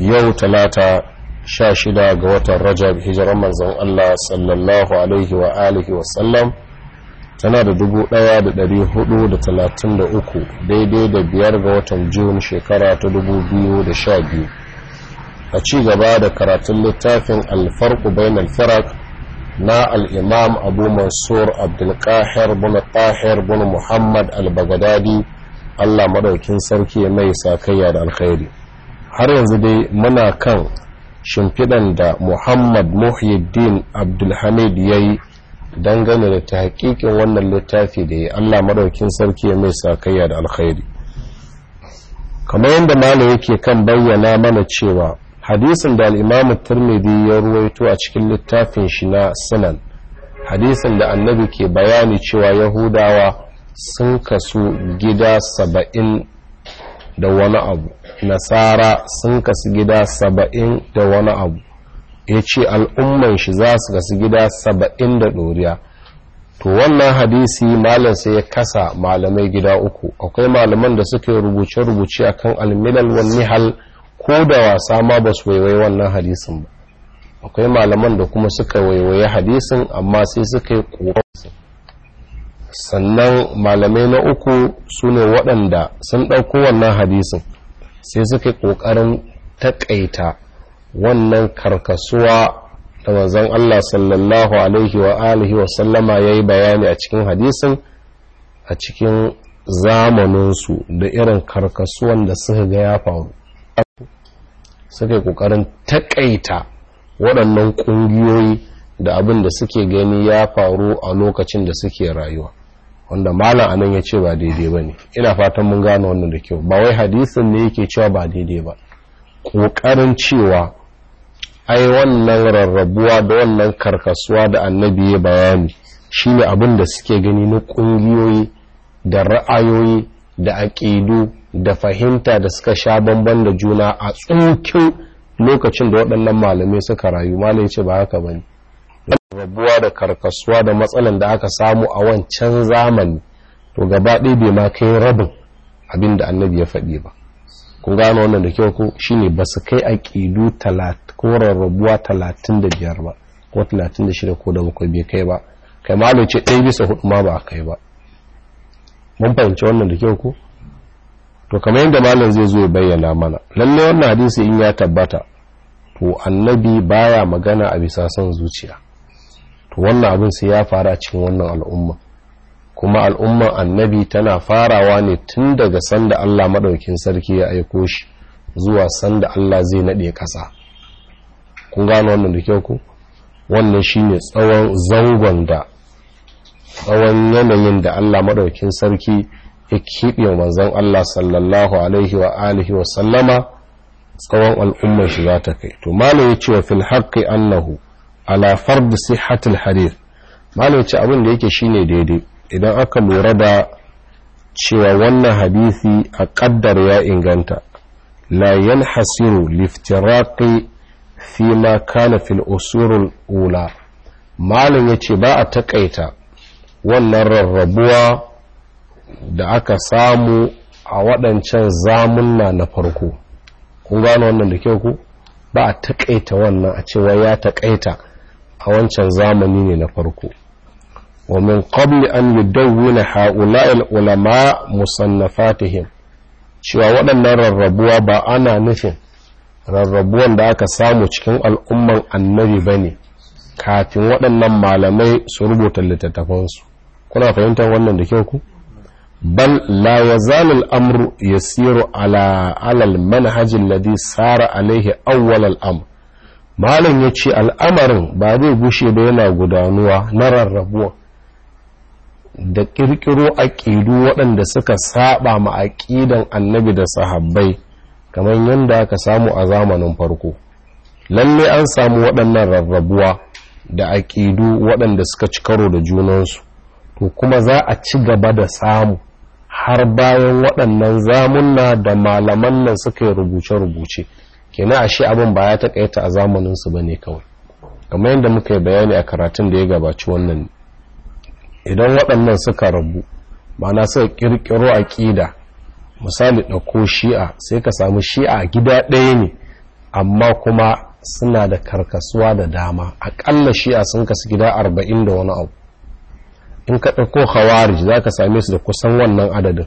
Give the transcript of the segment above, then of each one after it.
yau talata sha shida ga watan rajab hijiran manzan Allah sallallahu alaihi wa alihi wasallam tana da dubu ɗaya da ɗari hudu da talatin da uku daidai da biyar ga watan jun shekara ta dubu biyu da sha biyu a ci gaba da karatun littafin alfarku bain alfarak na al'imam abu mansur abdulkahir bin tahir Bun muhammad al-bagadadi allah madaukin sarki mai sakayya da alkhairi har yanzu dai muna kan shimfiɗan da muhammad muhyiddin abdulhamid ya yi dangane da ta hakikin wannan littafi da ya allah maɗaukin sarki ya mai sakayya da alkhairi kamar yadda malam yake kan bayyana mana cewa hadisin da al'imamu turmidi ya ruwaito a cikin littafin shi na sunan hadisin da annabi ke bayani cewa yahudawa sun kasu gida saba'in da wani abu nasara sun kasu gida saba'in da wani abu ya ce al'umman shi za su kasu gida saba'in da ɗoriya to wannan hadisi malam sai ya kasa malamai gida uku akwai malaman da suka rubuce-rubuce a kan almilal wani hal ko da wasa ma ba su waiwai wannan hadisin ba akwai malaman da kuma suka waiwaye hadisin amma sai suka yi ƙoransu sannan malamai na uku su ne waɗanda sun ɗauko wannan hadisin sai suka ƙoƙarin taƙaita wannan karkasuwa da manzon Allah sallallahu alaihi wa alihi wa sallama ya yi bayani a cikin hadisin a cikin zamaninsu da irin karkasuwan da suka ga ya faru suka ƙoƙarin taƙaita waɗannan ƙungiyoyi da abin da suke gani ya faru a lokacin da suke rayuwa wanda malam anan ya ce ba daidai ba ne ina fatan mun gane wannan da kyau ba wai hadisin ne yake cewa ba daidai ba ƙoƙarin cewa ai wannan rarrabuwa da wannan karkasuwa da annabi ya bayani shine abin da suke gani na ƙungiyoyi da ra'ayoyi da aƙidu da fahimta da suka sha bamban da juna a tsinkin lokacin da waɗannan malamai suka rayu malai ce ba haka bane rabuwa da karkasuwa da matsalan da aka samu a wancan zamani to gaba ɗaya bai ma kai rabin abin da annabi ya faɗi ba kun gano wannan da kyau ko shine ba su kai a aƙidu koren rabuwa talatin da biyar ba ko talatin da shida ko da bakwai bai kai ba kai ma ce ɗaya bisa hudu ma ba a kai ba mun fahimci wannan da kyau ko to kamar yadda malam zai zo ya bayyana mana lallai wannan hadisi in ya tabbata to annabi baya magana a bisa son zuciya to wannan abin sai ya faru a cikin wannan al'umma kuma al'umman annabi tana farawa ne tun daga sanda Allah maɗaukin sarki ya aiko shi zuwa sanda Allah zai naɗe kasa. kun gano wannan da kyau ku wannan shine tsawon zangon da tsawon yanayin da Allah maɗaukin sarki ya kibe manzon Allah sallallahu alaihi wa alihi wa sallama tsawon al'umman shi za ta kai to malai ya ce wa fil haqqi annahu ala fard sihhatul hadith malam ce abin da yake shine daidai idan aka lura da cewa wannan hadisi a kaddar ya inganta la yanhasiru liftiraqi fi ma kana fil usurul ula malam yace ba a takaita wannan rarrabuwa da aka samu a waɗancan zamunna na farko kun gano wannan da kyau ku ba a takaita wannan a cewa ya takaita a wancan zamani ne na farko wa min qabli an yudawwina ha'ula'il ulama musannafatihim cewa waɗannan rarrabuwa ba ana nufin rarrabuwan da aka samu cikin al'umman annabi ba ne kafin waɗannan malamai su rubuta littattafansu kuna fahimtar wannan da kyau ku bal la yazalu al-amru yasiru ala alal manhajin ladhi sara alaihi awwal al-amr malam ya ce al'amarin ba zai gushe ba yana gudanuwa na rarrabuwa da ƙirƙiro aƙidu waɗanda suka saba ma aƙidan annabi da sahabbai kamar yadda aka samu a zamanin farko lalle an samu waɗannan rarrabuwa da aƙidu waɗanda suka ci karo da junansu to kuma za a ci gaba da samu har bayan waɗannan zamunna da malaman nan suka yi rubuce-rubuce a shi abin ba ya takaita a zamanin su ne kawai kamar yadda muka yi bayani a karatun da ya gabaci wannan idan waɗannan suka rabu ma'ana suka kirkiro ƙida misali ɗauko shi'a sai ka samu shi'a gida ɗaya ne amma kuma suna da karkasuwa da dama aƙalla shi'a sun kasu gida arba'in da wani abu in ka ɗauko khawarij za ka same su da kusan wannan adadin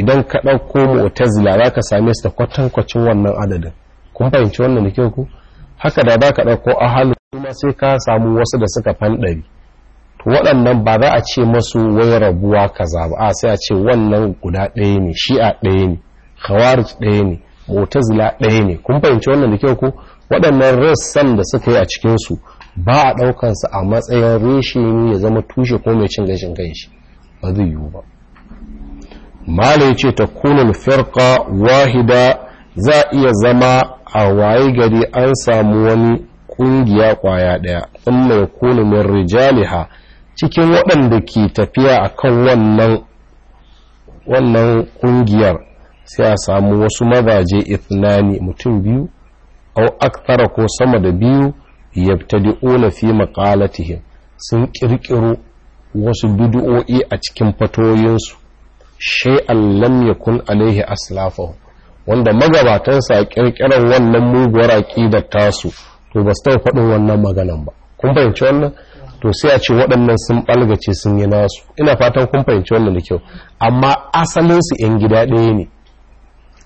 idan ka ɗauko mu'tazila za ka same su da kwatankwacin wannan adadin kun fahimci wannan da kyau ku haka da za ka ɗauko a halin kuma sai ka samu wasu da suka fanɗari to waɗannan ba za a ce masu wai rabuwa kaza ba a sai a ce wannan guda ɗaya ne shi'a ɗaya ne khawarij ɗaya ne mu'tazila ɗaya ne kun fahimci wannan da kyau ku waɗannan rassan da suka yi a cikin su ba a ɗaukansu a matsayin reshe ne ya zama tushe ko mai cin gashin kai shi ba zai yiwu ba mala ya ce ta kunul firka wahida za iya zama a waye gari an samu wani kungiya kwaya daya kuma mai kunu min rijaliha cikin waɗanda ke tafiya akan wannan wannan kungiyar sai a samu wasu mazaje ithnani mutum biyu au akthara ko sama da biyu yabtadi'una fi maqalatihim sun kirkiro wasu bidu'o'i a cikin fatoyinsu shay'an lam yakun alaihi aslafahu wanda magabatansa a kirkirar wannan muguwar aqida tasu to ba su taɓa faɗin wannan maganan ba kun fahimci wannan to sai a ce waɗannan sun ɓalgace sun yi nasu ina fatan kun fahimci wannan da kyau amma asalinsu 'yan gida ɗaya ne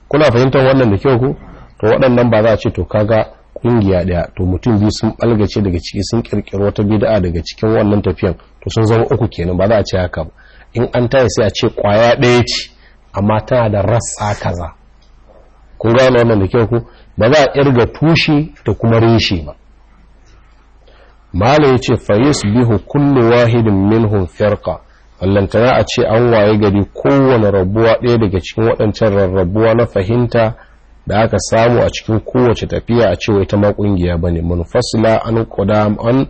kuna fahimtar wannan da kyau ku to waɗannan ba za a ce to kaga ƙungiya ɗaya to mutum biyu sun balgace daga ciki sun kirkiro wata bid'a daga cikin wannan tafiyan to sun zama uku kenan ba za a ce haka ba in an taya sai a ce kwaya ɗaya ce amma tana da rassa kaza kun gano wannan da kyau ku ba za a irga tushe da kuma reshe ba malam ce fa bihu kullu wahidin minhum firqa wallantana a ce an waye gari kowane rabuwa ɗaya daga cikin waɗancan rarrabuwa na fahimta da aka samu a cikin kowace tafiya a cewa ita ma kungiya bane munfasila an an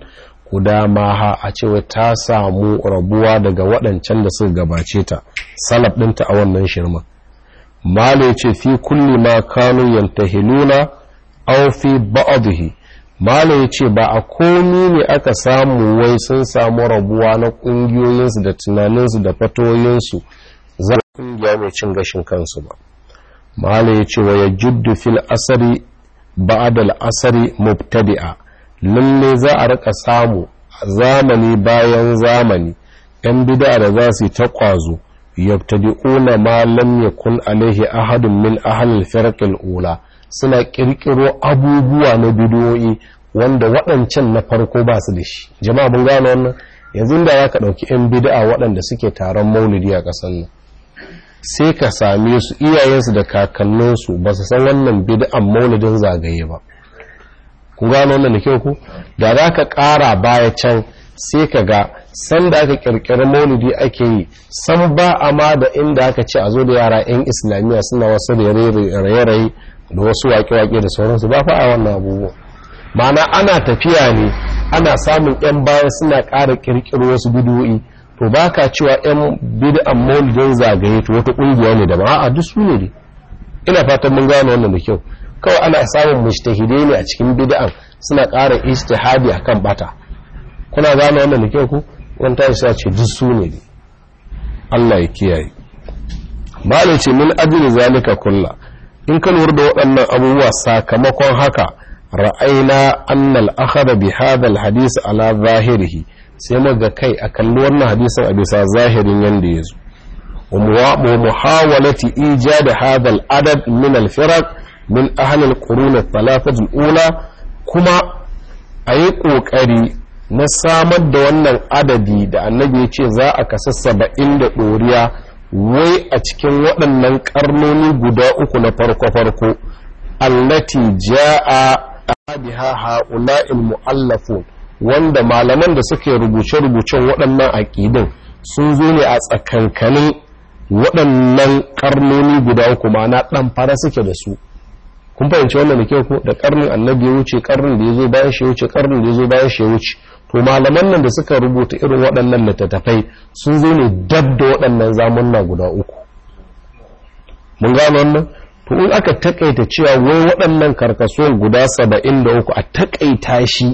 ha a cewa ta samu rabuwa daga waɗancan da suka gabace ta salaf ɗinta a wannan shirman malai ce fi kulli ma kanu yantahiluna aw fi ba'dhihi malai ce ba a komi ne aka samu wai sun samu rabuwa na ƙungiyoyinsu da tunaninsu da fatoyinsu za a ƙungiya mai cin gashin kansu ba malai ya ce wa ya juddu fil asari ba'adal asari mubtadi'a lalle za a rika samu zamani bayan zamani ‘yan bida da za su ta ƙwazo yabtadi'una ma lam yakun alaihi ahadun min halin firqil ula suna ƙirƙiro abubuwa na bidiyoyi wanda waɗancan na farko ba su da shi jama'a mun gane wannan yanzu da ya ka ɗauki 'yan bid'a waɗanda suke taron maulidi a ƙasar nan sai ka same su iyayensu da kakanninsu ba su san wannan bid'an maulidin zagaye ba ku gano wannan da kyau ku da za ka ƙara baya can sai ka ga sanda aka ƙirƙiri maulidi ake yi san ba a ma da inda aka ce a zo da yara 'yan islamiyya suna wasu raye-raye da wasu waƙe-waƙe da sauransu ba fa a wannan abubuwa ma'ana ana tafiya ne ana samun 'yan baya suna ƙara ƙirƙiro wasu bidiyoyi to ba ka cewa 'yan bid'an maulidin zagaye to wata ƙungiya ne da ba a duk su ne ina fatan mun gano wannan da kyau kawai ana samun mujtahidai ne a cikin bid'an suna ƙara ijtihadi akan bata kuna gane wannan da kyau ku wani ta sa ce duk su ne Allah ya kiyaye bale ce min ajli zalika kulla in kan wurda waɗannan abubuwa sakamakon haka ra'ayna annal akhadha bi hadha al hadith ala zahirihi sai ga kai a kalli wannan hadisin a bisa zahirin yanda yazo wa muhawalati ijad hadha al adad min al firaq min ahalil quruna thalathatul ula kuma ayi ƙoƙari na samar da wannan adadi da annabi ya ce za a kasa saba'in da ɗoriya wai a cikin waɗannan ƙarnoni guda uku na farko-farko allati adiha biha ha'ula'il muallafu wanda malaman da suke rubuce-rubucen waɗannan aƙidin sun zo ne a tsakankanin waɗannan ƙarnoni guda uku mana ɗan fara suke da su kun fahimci wannan da kyau ko da karnin annabi ya wuce karnin da ya zo bayan shi ya wuce karnin da ya zo bayan shi ya wuce to malaman nan da suka rubuta irin waɗannan littattafai sun zo ne dab da waɗannan zamunna guda uku mun gano wannan to in aka takaita cewa wai waɗannan karkasuwan guda saba'in da uku a takaita shi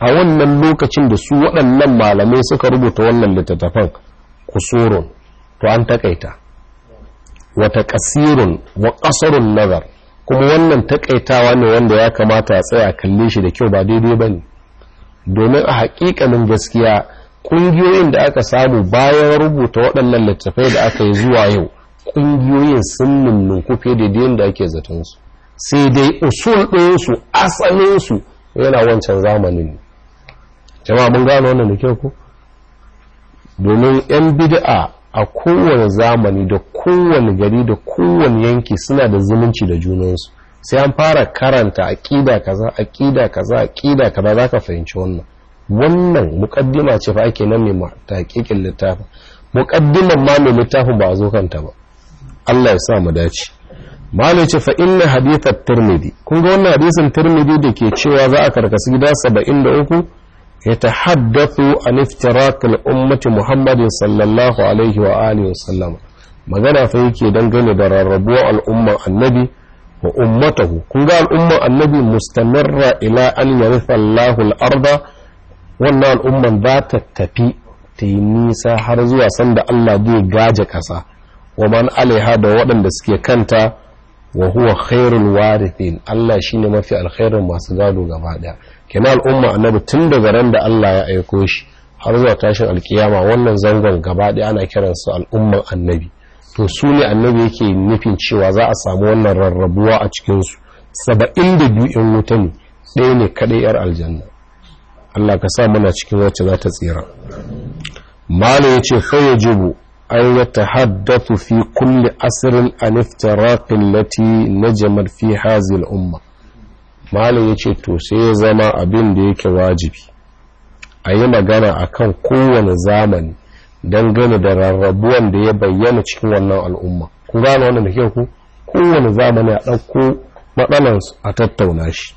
a wannan lokacin da su waɗannan malamai suka rubuta wannan littattafan kusurun to an takaita wata kasirun wa ƙasarun nazar kuma wannan takaitawa ne wanda ya kamata a tsaya kalle shi da kyau ba daidai ba ne domin a haƙiƙanin gaskiya ƙungiyoyin da aka samu bayan rubuta waɗannan littattafai da aka yi zuwa yau ƙungiyoyin sun nunnun kufe da yadda ake su sai dai usul ɗinsu asalinsu yana wancan zamanin jama'a mun gano wannan da kyau ko domin 'yan bid'a a kowane zamani da kowane gari da kowane yanki suna da zumunci da junansu sai an fara karanta aqida kaza aqida kaza aqida kaza zaka fahimci wannan wannan muqaddima ce fa ake nan mai taqiqin littafin muqaddiman ma mai littafin ba a zo kanta ba Allah ya sa mu dace malai ce fa inna hadithat tirmidhi kun ga wannan hadisin tirmidhi da ke cewa za a karkasi gida 73 yatahaddathu an iftirak al-ummati Muhammadu sallallahu alaihi wa alihi magana fa yake dangane da rarrabuwar al'umman annabi wa ummatahu kunga ga al'umman annabi mustamirra ila an yaritha Allahu al-arda wannan al'umman za ta tafi ta yi nisa har zuwa sanda Allah zai gaje kasa wa man alaiha da waɗanda suke kanta wa huwa khairul warithin Allah shine mafi alkhairin masu gado gaba daya kina al'umma annabi tun daga ran da Allah ya aiko shi har zuwa tashin alkiyama wannan zangon gaba ɗaya ana kiransa al'umman annabi to su ne annabi yake nufin cewa za a samu wannan rarrabuwa a cikinsu saba'in da biyu in wuta ne ɗaya ne kaɗai yar aljanna Allah ka sa muna cikin wacce za ta tsira malam ya ce faya jibu an ya haddatu fi kulli asirin an iftiraqin lati najamat fi hazil umma malin ya ce to sai ya zama abin da yake wajibi a yi magana a kan kowane zamani dangane da rarrabuwan da ya bayyana cikin wannan al'umma ku gane wannan da kyau ku kowane zamani a ɗauko matsalansu a tattauna shi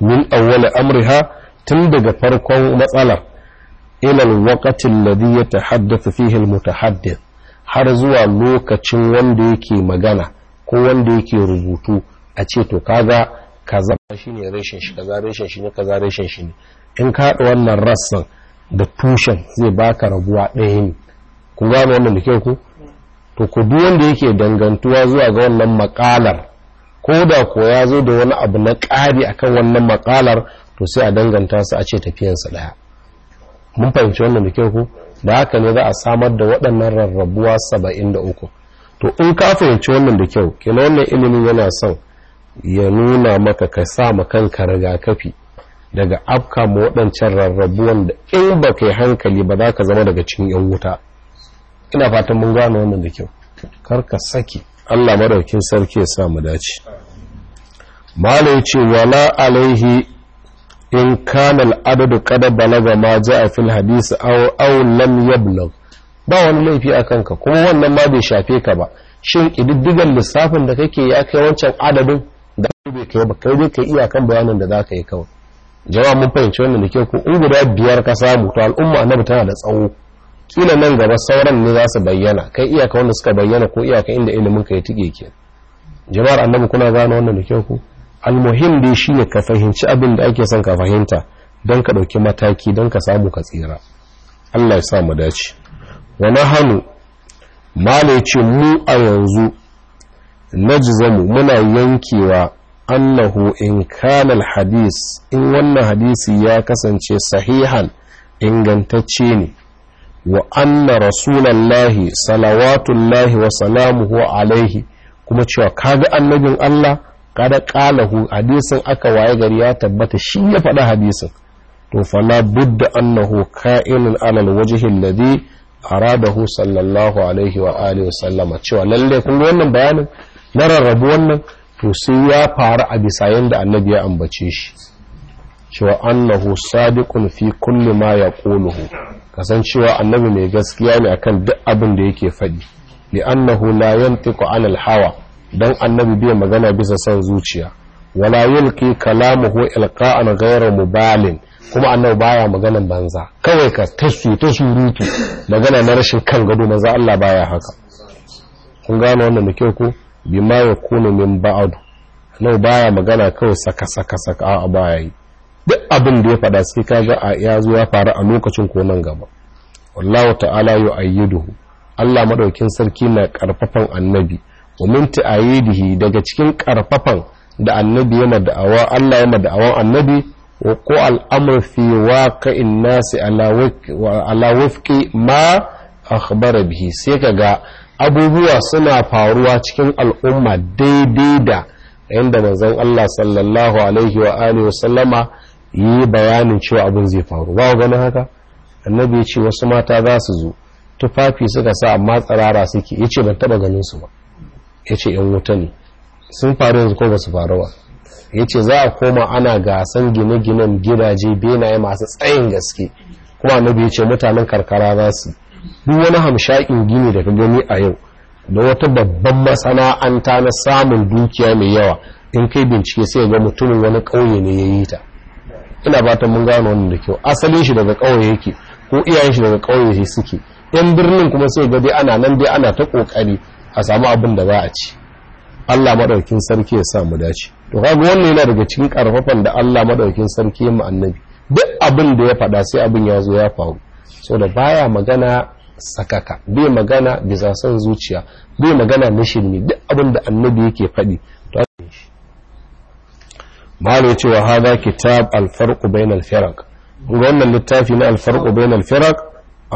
min awwala amriha tun daga farkon matsalar ilal waqatin ladhi yatahaddathu fihi almutahaddith har zuwa lokacin wanda yake magana ko wanda yake rubutu a ce to kaga kaza ne reshen shi kaza reshen shi ne kaza reshen shi ne in ka wannan rassan da tushen zai baka rabuwa ɗaya ne ku gane wannan da kyau ku to ku duk wanda yake dangantuwa zuwa ga wannan makalar ko da ko ya zo da wani abu na ƙari akan wannan makalar to sai a danganta su a ce tafiyansa ɗaya mun fahimci wannan da kyau ku da haka ne za a samar da waɗannan rarrabuwa saba'in da uku to in ka fahimci wannan da kyau kenan wannan ilimin yana son ya nuna maka ka sa ma makanka rigakafi daga afka ma waɗancan rarrabuwan da in ba yi hankali ba za ka zama daga cikin yan wuta ina fatan mun gano wannan da kyau kar ka saki Allah maɗaukin sarki ya sa mu dace malai ce wala alaihi in kana al'adadu kada balaga ma a fil hadisi aw aw lam ba wani laifi a kanka kuma wannan ma bai shafe ka ba shin ƙididdigan lissafin da kake ya kai wancan adadin da bai kai ba kai dai kai iyakan bayanan da za ka yi kawai jama'a mun fahimci wannan da ke ku in guda biyar ka samu to al'umma annabi tana da tsawo kila nan gaba sauran ne za su bayyana kai iyaka wanda suka bayyana ko iyaka inda ilimin ka ya tike ke jama'ar annabi kuna gane wannan da ke ku almuhim dai shine ka fahimci abin da ake son ka fahimta don ka dauki mataki don ka samu ka tsira Allah ya sa mu dace wa nahanu mala mu a yanzu najzamu muna yankewa annahu in kana alhadis in wannan hadisi ya kasance sahihan ingantacce ne wa anna rasulallahi salawatullahi wa salamuhu alaihi kuma cewa kaga annabin Allah kada qalahu hadisin aka waye gari ya tabbata shi ya faɗa hadisin to fala budda annahu ka'inun alal wajhi alladhi aradahu sallallahu alaihi wa alihi wa sallama cewa lalle kun wannan bayanin na rabu wannan to sai ya faru a bisa yadda annabi ya ambace shi cewa annahu sadiqun fi kulli ma yaquluhu kasancewa annabi mai gaskiya ne akan duk abin da yake faɗi li annahu la yantiqu anil hawa dan annabi bai magana bisa son zuciya wala yulqi kalamuhu ilqa'an ghayra mubalin kuma annabi baya maganan banza kawai ka tasu ta surutu magana na rashin kan gado maza Allah baya haka kun gane wannan da kyau ko bima ya kuna min ba'adu nau baya magana kawai saka saka saka a baya yi duk abin da ya faɗa sai kaga a ya zo ya faru a lokacin ko nan gaba wallahu ta'ala yu'ayyiduhu Allah madaukin sarki na karfafan annabi wa min ta'ayyidihi daga cikin karfafan da annabi yana da'awa Allah yana da'awan annabi wa ko al'amr fi waqi'in nasi ala wafqi ma akhbara bihi sai ga. abubuwa suna faruwa cikin al'umma daidai da yadda manzon Allah sallallahu alaihi wa wa sallama yi bayanin cewa abin zai faru ba gani haka annabi ya ce wasu mata za su zo tufafi suka sa amma tsirara suke ya ce ban taba ganin su ba ya ce yan wuta ne sun faru yanzu ko ba su faru ya ce za a koma ana gasan gine-ginen gidaje benaye masu tsayin gaske kuma annabi ya ce mutanen karkara za su duk wani hamshakin gini da gani a yau da wata babban masana'anta na samun dukiya mai yawa in kai bincike sai ga mutumin wani ƙauye ne ya yi ta ina ta mun gano wani da kyau asalin shi daga ƙauye yake ko iyayen shi daga ƙauye suke yan birnin kuma sai ga dai ana nan dai ana ta ƙoƙari a samu abin da za a ci Allah madaukin sarki ya sa mu dace to kaga wannan yana daga cikin karfafan da Allah maɗaukin sarki ya mu annabi duk abin da ya faɗa sai abin ya zo ya faru saboda baya magana sakaka bai magana bisa son zuciya bai magana na shirme duk abin da annabi yake faɗi to malai cewa hada kitab alfarqu bain alfiraq wannan littafi na alfarku bain alfiraq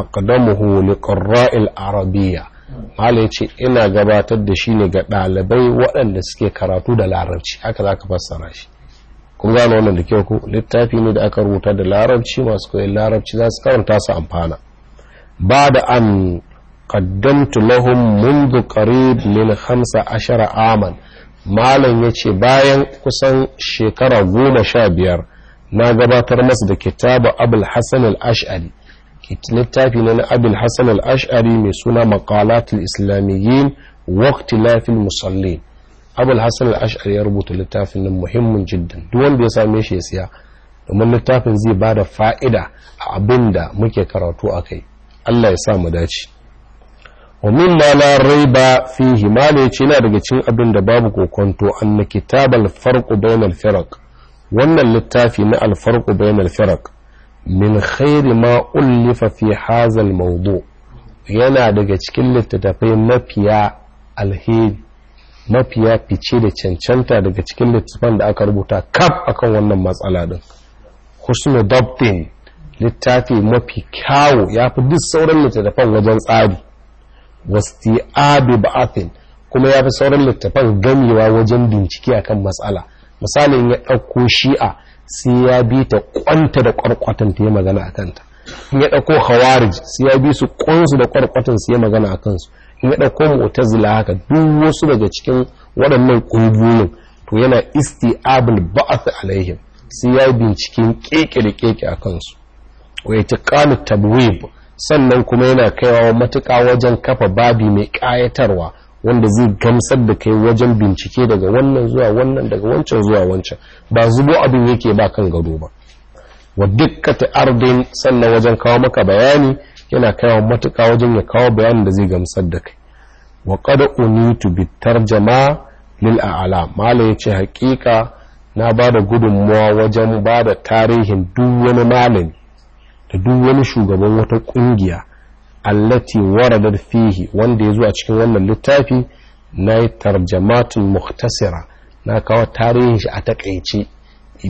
aqdamuhu liqarra'i arabiya malai yace ina gabatar da shi ne ga dalibai waɗanda suke karatu da larabci haka zaka fassara shi kun gane wannan da kyau ko littafi ne da aka rubuta da larabci masu koyon larabci za su karanta su amfana بعد أن قدمت لهم منذ قريب من خمسة عشر عاما malam ya ce bayan kusan shekara goma sha biyar na gabatar masa da kitabu abul hassan al'ash'ari littafi ne na abul hassan Al-Ashari mai suna makalatul islamiyyin wakti lafin musallin abul hassan Al-Ashari ya rubuta littafin nan muhimmin jiddan duk wanda ya same shi ya siya domin littafin zai ba da fa'ida a abin da muke karatu a kai Allah ya sa mu dace wa mimma la raiba fihi ma ce yana daga cikin abin da babu kokonto anna kitabal farqu bainal firaq wannan littafi na al farqu bainal firaq min khairi ma ulifa fi al mawdu yana daga cikin littattafai mafiya alheri mafiya fice da cancanta daga cikin littattafan da aka rubuta kaf akan wannan matsala din husnu dabtin littafi mafi kyawu ya fi duk sauran littattafan wajen tsari wasti'abi ba'athin kuma ya fi sauran littattafan gamewa wajen bincike akan matsala misalin ya ɗauko shi'a sai ya bi ta kwanta da ƙwarƙwatan ta yi magana a kanta in ya ɗauko hawarij sai ya bi su kwansu da ƙwarƙwatan su yi magana a kansu in ya ɗauko mu'tazila haka duk wasu daga cikin waɗannan ƙungiyoyin to yana isti'abul ba'ath alaihim sai ya bincike keke da keke a kansu wa tabwib sannan kuma yana kaiwa matuka wajen kafa babi mai ƙayatarwa wanda zai gamsar da kai wajen bincike daga wannan zuwa wannan daga wancan zuwa wancan ba zubo abin yake ba kan gado ba wa dukkata ardin sannan wajen kawo maka bayani yana kaiwa matuka wajen ya kawo bayani da zai gamsar da kai wa qad unitu bitarjama lil a'la malai yace haƙiƙa na bada gudunmuwa wajen bada tarihin duk wani malami da duk wani shugaban wata kungiya allati waradar fihi wanda ya zo a cikin wannan littafi na yi tarjamatun muhtasira na kawo tarihin shi a takaice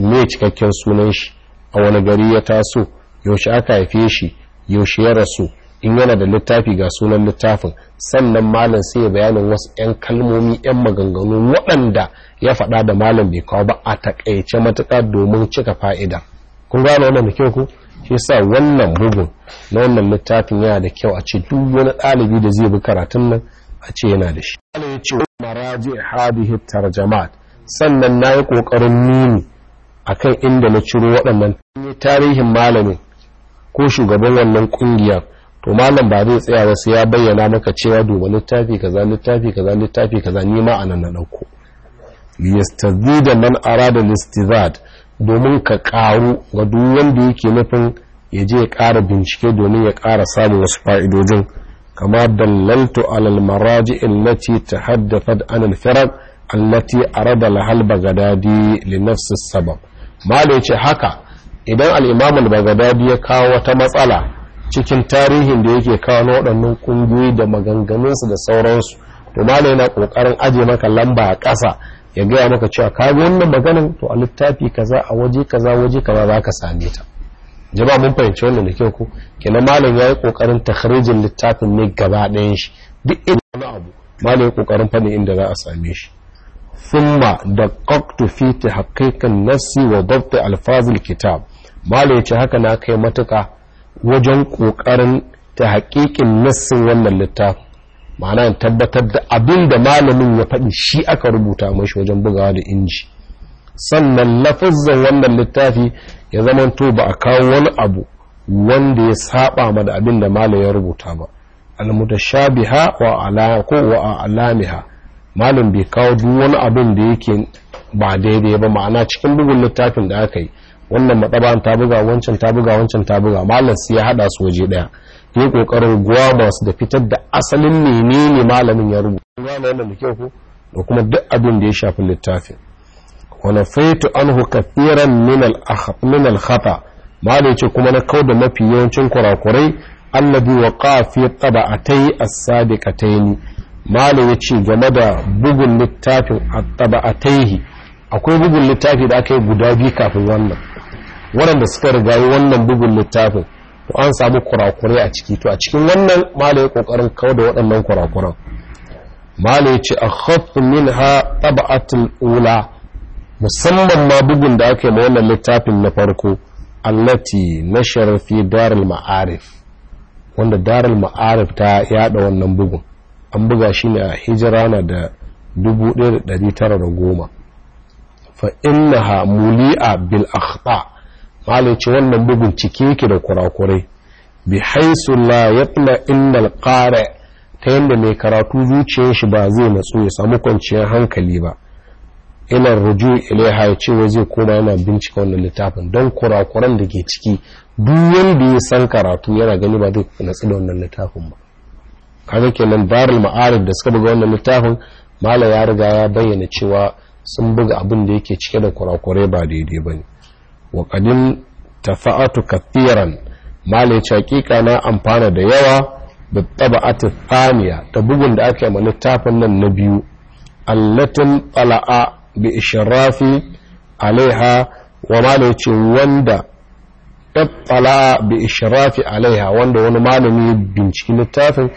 me cikakken sunan shi a wani gari ya taso yaushe aka haife shi yaushe ya rasu in yana da littafi ga sunan littafin sannan malam sai ya bayanin wasu 'yan kalmomi 'yan maganganu waɗanda ya faɗa da malam bai kawo ba a takaice matuƙa domin cika fa'ida kun gane wannan da kyau ku shi sa wannan bugun na wannan littafin yana da kyau a ce duk wani ɗalibi da zai bi karatun nan a ce yana da shi ala ya ce maraji hadihi tarjamat sannan na yi ƙoƙarin nuni a kan inda na ciro waɗannan tarihin malamin ko shugaban wannan ƙungiyar to malam ba zai tsaya ba sai ya bayyana maka cewa duba littafi kaza littafi kaza littafi kaza ni ma nan na ɗauko. dauko liyastazida man arada listizad domin ka ƙaru ga duk wanda yake nufin ya je ya ƙara bincike domin ya ƙara samun wasu fa'idojin kama dallaltu alal maraji allati tahaddathat an al firaq allati arada lahal bagadadi li nafsi sabab malai ce haka idan al bagadadi ya kawo wata matsala cikin tarihin da yake kawo na waɗannan ƙungiyoyi da maganganunsu da sauransu to Malam yana ƙoƙarin aje maka lamba a ƙasa ya gaya maka cewa ka ga wannan maganan to a littafi kaza a waje kaza waje kaza za ka same ta jama'a mun fahimci wannan da kyau ko kenan malam yayi kokarin takhrijin littafin ne gaba ɗayan shi duk inda wani abu malam yayi kokarin fadin inda za a same shi thumma qaqtu fi tahqiqin nassi wa dabt alfazil kitab malam yace haka na kai matuka wajen kokarin tahqiqin nassin wannan littafin ma'ana in tabbatar da abin da malamin ya faɗi shi aka rubuta mashi wajen bugawa da inji sannan lafazan wannan littafi ya zama to ba a kawo wani abu wanda ya saba ma da abin da malam ya rubuta ba almutashabiha wa ala wa alamiha malam bai kawo duk wani abin da yake ba daidai ba ma'ana cikin bugun littafin da aka yi wannan matsaba ta buga wancan ta buga wancan ta buga malam sai ya hada su waje daya ya kokarin guwa masu da fitar da asalin ne malamin ya rubuta gane wannan da kyau ko da kuma duk abin da ya shafi littafin wani nafaitu anhu huka min al min ma da ce kuma na da mafi yawancin kurakurai alladhi waqa fi taba'atay as-sabiqatayn malam ya ce game da bugun littafin a a tabaatayhi akwai bugun littafi da aka yi guda biyu kafin wannan waɗanda suka rigayi wannan bugun littafin to an samu kurakurai a ciki to a cikin wannan malai kokarin kawo da waɗannan kurakuran malai ce a ha taba atin ula musamman ma bugun da ake mawa wannan littafin na farko allati na sharafi darul ma'arif wanda darul ma'arif ta yada wannan bugun an buga shi ne a hijira na da 1910 fa innaha muli'a bil malice wannan bugun cike yake da kurakurai bi haisu la yatla inna alqari ta yanda mai karatu zuciyar shi ba zai natsu ya samu kwanciyar hankali ba ila ruju ilaiha ya ce zai koma yana bincika wannan littafin don kurakuran da ke ciki duk wanda ya san karatu yana gani ba zai natsu da wannan littafin ba kaga kenan barul ma'arif da suka buga wannan littafin mala ya riga ya bayyana cewa sun buga abin da yake cike da kurakurai ba daidai bane wa ta tafa'atu kathiran mala ya hakika na amfana da yawa da taba'atu thaniya ta bugun da ake ma littafin nan na biyu allatin tsala'a bi ishrafi alaiha wa mala ce wanda tattala bi ishrafi alaiha wanda wani malami binciki littafin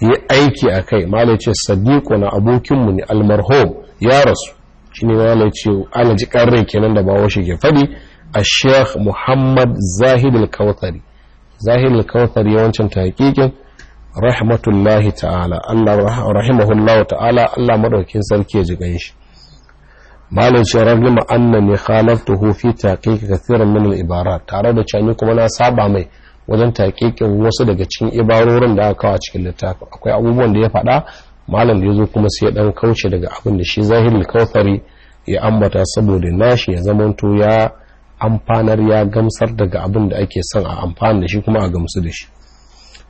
yi aiki a kai malai ce sadiku na abokinmu ne almarhum ya rasu shi ne malai ce alaji kenan da ba washe ke fadi a sheikh muhammad zahid al-kawthari zahid yawancin taƙiƙin rahmatullahi ta'ala Allah rahimahullahu ta'ala Allah madaukin sarki ya jigan shi malin shi ragima annani khalaftuhu fi taqiq kathiran min al-ibarat tare da cani kuma na saba mai wajen taqiqin wasu daga cikin ibarorin da aka kawo cikin littafin akwai abubuwan da ya faɗa malam da yazo kuma sai ya dan kauce daga abin da shi zahirul kautsari ya ambata saboda nashi ya zamanto ya amfanar ya gamsar daga abin da ake son a amfana da shi kuma a gamsu da shi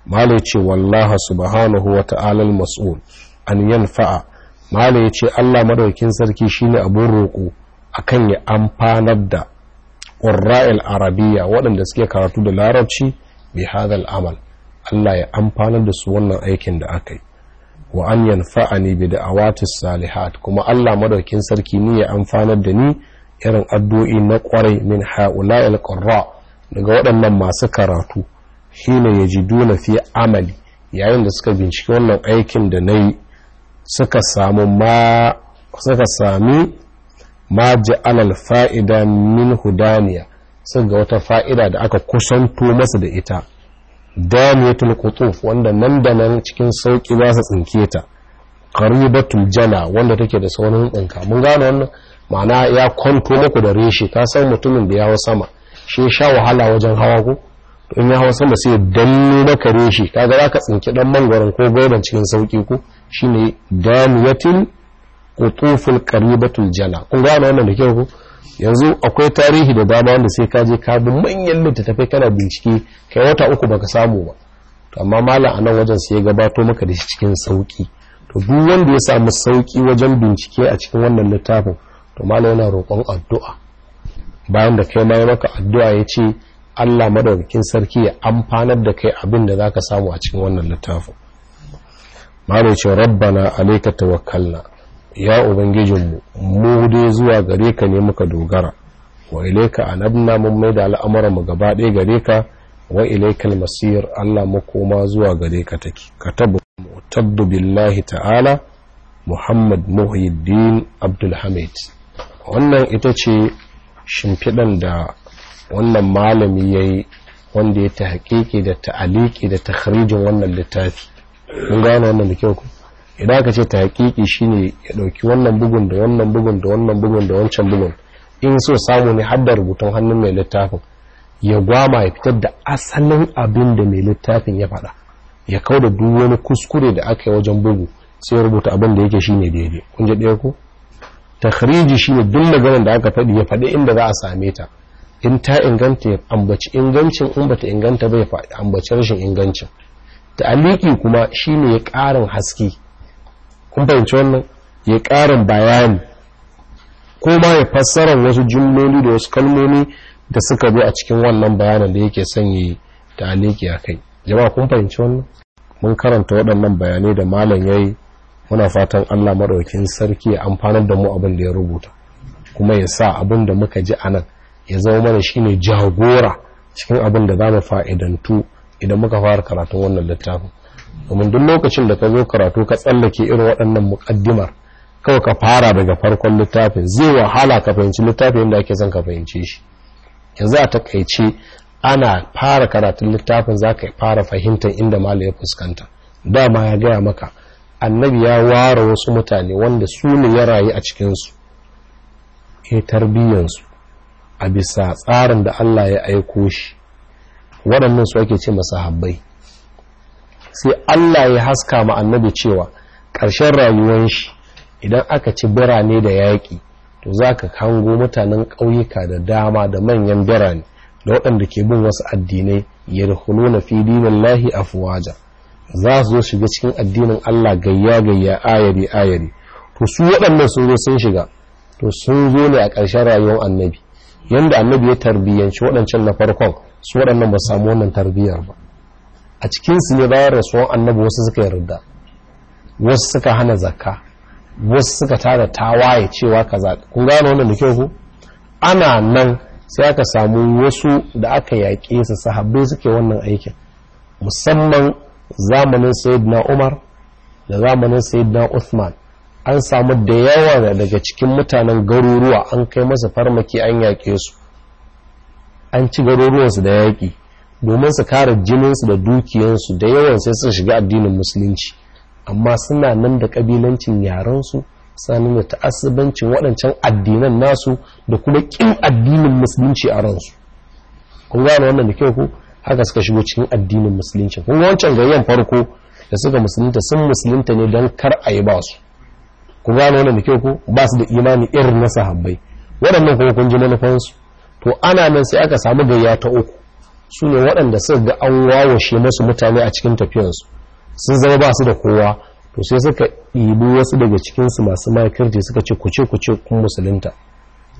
malo ce wallaha subhanahu wa ta'ala al-mas'ul an yanfa'a mala ya ce Allah madaukin sarki shine abun roƙo akan ya amfanar da qurra'il arabiyya waɗanda suke karatu da larabci bi hadal amal Allah ya amfanar da su wannan aikin da aka yi wa an yanfa'ani bi da'awatis salihat kuma Allah madaukin sarki ne ya amfanar da ni irin addu'i na ƙwarai min haula ilƙarra daga waɗannan masu karatu ya ji duna fi amali yayin da suka binciki wannan aikin da na yi suka sami ma alal fa'ida min hudaniya sun ga wata fa'ida da aka kusanto masa da ita daniyatul qutuf wanda nan da nan cikin sauƙi za su tsinke ta ƙaribatul jana wanda take da saurin tsinka mun gano wannan ma'ana ya kwanto maku da reshe ka san mutumin da ya hau sama shi sha wahala wajen hawa ko in ya hau sama sai danne maka reshe ka ga ka tsinki dan mangwaron ko goban cikin sauki ko ne damiyatin qutuful qaribatul jana kun gano wannan da kyau ku. yanzu akwai tarihi da dama wanda sai kaje je ka bi manyan littattafai kana bincike kai wata uku baka samu ba amma malam anan wajen sai ya gabato maka da shi cikin sauki to duk wanda ya samu sauki wajen bincike a cikin wannan littafin to malam yana roƙon addu'a bayan da kai ma maka addu'a ya ce Allah madaukakin sarki ya amfanar da kai abin da zaka samu a cikin wannan littafin malam ce rabbana alaika tawakkalna ya ubangijinmu mu dai zuwa gare ka ne muka dogara wa a anabna mun mai da al'amuran mu gaba ɗaya gare ka wa ilaikal masir Allah makoma zuwa gare ka take ka mutabbu billahi ta'ala Muhammad Muhyiddin Abdul wannan ita ce shimfiɗan da wannan malami ya yi wanda ya ta haƙiƙi da ta'aliki da takharijin wannan littafi mun gano wannan da kyau ku idan aka ce ta haƙiƙi ne ya ɗauki wannan bugun da wannan bugun da wannan bugun da wancan bugun in so samu ne har da rubutun hannun mai littafin ya gwama ya fitar da asalin abin da mai littafin ya faɗa ya kau da duk wani kuskure da aka yi wajen bugu sai rubuta abin da yake ne daidai kun je ɗaya ko. takhriji shi ne duk maganar da aka faɗi ya faɗi inda za a same ta in ta inganta ya ambaci ingancin in bata inganta ba ya ambaci rashin ingancin ta'aliki kuma shi ne ya ƙarin haske kun fahimci wannan ya ƙarin bayani ko ma ya fassara wasu jimloli da wasu kalmomi da suka zo a cikin wannan bayanin da yake sanye ta ta'aliki a kai jama'a kun fahimci wannan mun karanta waɗannan bayanai da malam yayi muna fatan Allah maɗaukin sarki ya amfanar da mu abin da ya rubuta kuma ya sa abin da muka ji anan ya zama mana shine jagora cikin abin da za mu fa'idantu idan muka fara karatun wannan littafin domin duk lokacin da ka zo karatu ka tsallake irin waɗannan muƙaddimar kawai ka fara daga farkon littafin zai wahala ka fahimci littafin da ake son ka fahimce shi yanzu a takaice ana fara karatun littafin za ka fara fahimtar inda malu ya fuskanta dama ya gaya maka annabi ya ware wasu mutane wanda su ne ya rayu a cikinsu ya tarbiyyansu a bisa tsarin da Allah ya aiko shi waɗannan su ake ce masa habbai sai Allah ya haska ma annabi cewa ƙarshen rayuwan shi idan aka ci birane da yaƙi to za ka hango mutanen ƙauyuka da dama da manyan birane da waɗanda ke bin wasu addinai ya nuna na fi dinin lahi afuwaja za su zo shiga cikin addinin Allah gayya gayya ayari ayari to su waɗannan sun zo sun shiga to sun zo ne a ƙarshen rayuwar annabi Yadda annabi ya tarbiyyanci waɗancan na farkon su waɗannan ba samu wannan tarbiyyar ba a cikinsu ne bayan rasuwan annabi wasu suka yarda wasu suka hana zakka wasu suka tara tawaye cewa ka kaza kun gano wannan da kyau ku ana nan sai aka samu wasu da aka yaƙe su sahabbai suke wannan aikin musamman zamanin sayyidina umar da zamanin sayyidina uthman an samu da yawa daga cikin mutanen garuruwa an kai masa farmaki an yaƙe su an ci garuruwansu da yaƙi domin su kare jininsu da dukiyansu da yawan sai su shiga addinin musulunci amma suna nan da ƙabilancin yarensu sanin da ta'asibancin waɗancan addinan nasu da kuma ƙin addinin musulunci a ransu kun gane wannan da kyau ko? haka suka shigo cikin addinin musulunci kun ga wancan gayyan farko da suka musulunta sun musulunta ne don kar a yi ba su ku gano wannan da kyau ku ba su da imani irin na sahabbai waɗannan kuma kun ji manufansu to ana nan sai aka samu gayya ta uku su ne waɗanda suka ga an wawashe masu mutane a cikin tafiyansu sun zama ba su da kowa to sai suka ɗibi wasu daga cikinsu masu makirci suka ce kuce kuce kun musulunta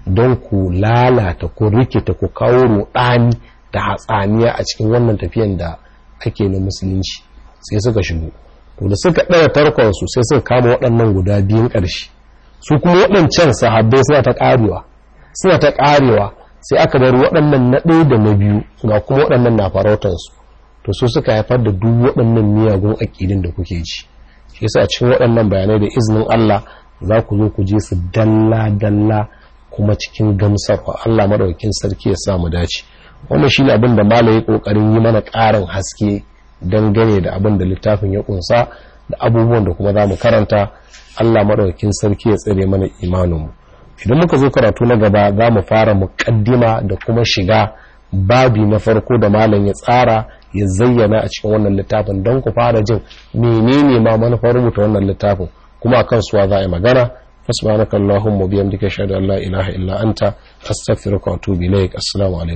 don ku lalata ku rikita ku kawo ruɗani da hatsaniya a cikin wannan tafiyan da ake na musulunci sai suka shigo to da suka ɗaya tarkonsu sai suka kama waɗannan guda biyun ƙarshe su kuma waɗancan sahabbai suna ta ƙarewa suna ta ƙarewa sai aka bar waɗannan na ɗaya da na biyu ga kuma waɗannan na farautansu to su suka haifar da duk waɗannan miyagun aƙidin da kuke ji shi yasa cikin waɗannan bayanai da izinin Allah za ku zo ku je su dalla dalla kuma cikin gamsarwa Allah madaukakin sarki ya sa mu dace wannan shine abin da mala ya kokarin yi mana ƙarin haske dangane da abin da littafin ya kunsa da abubuwan da kuma za mu karanta Allah maɗaukin sarki ya tsere mana imaninmu idan muka zo karatu na gaba za mu fara muƙaddima da kuma shiga babi na farko da malam ya tsara ya zayyana a cikin wannan littafin don ku fara jin menene ma manufar rubuta wannan littafin kuma a kan suwa za a yi magana فسبحانك اللهم وبحمدك اشهد ان لا اله الا انت استغفرك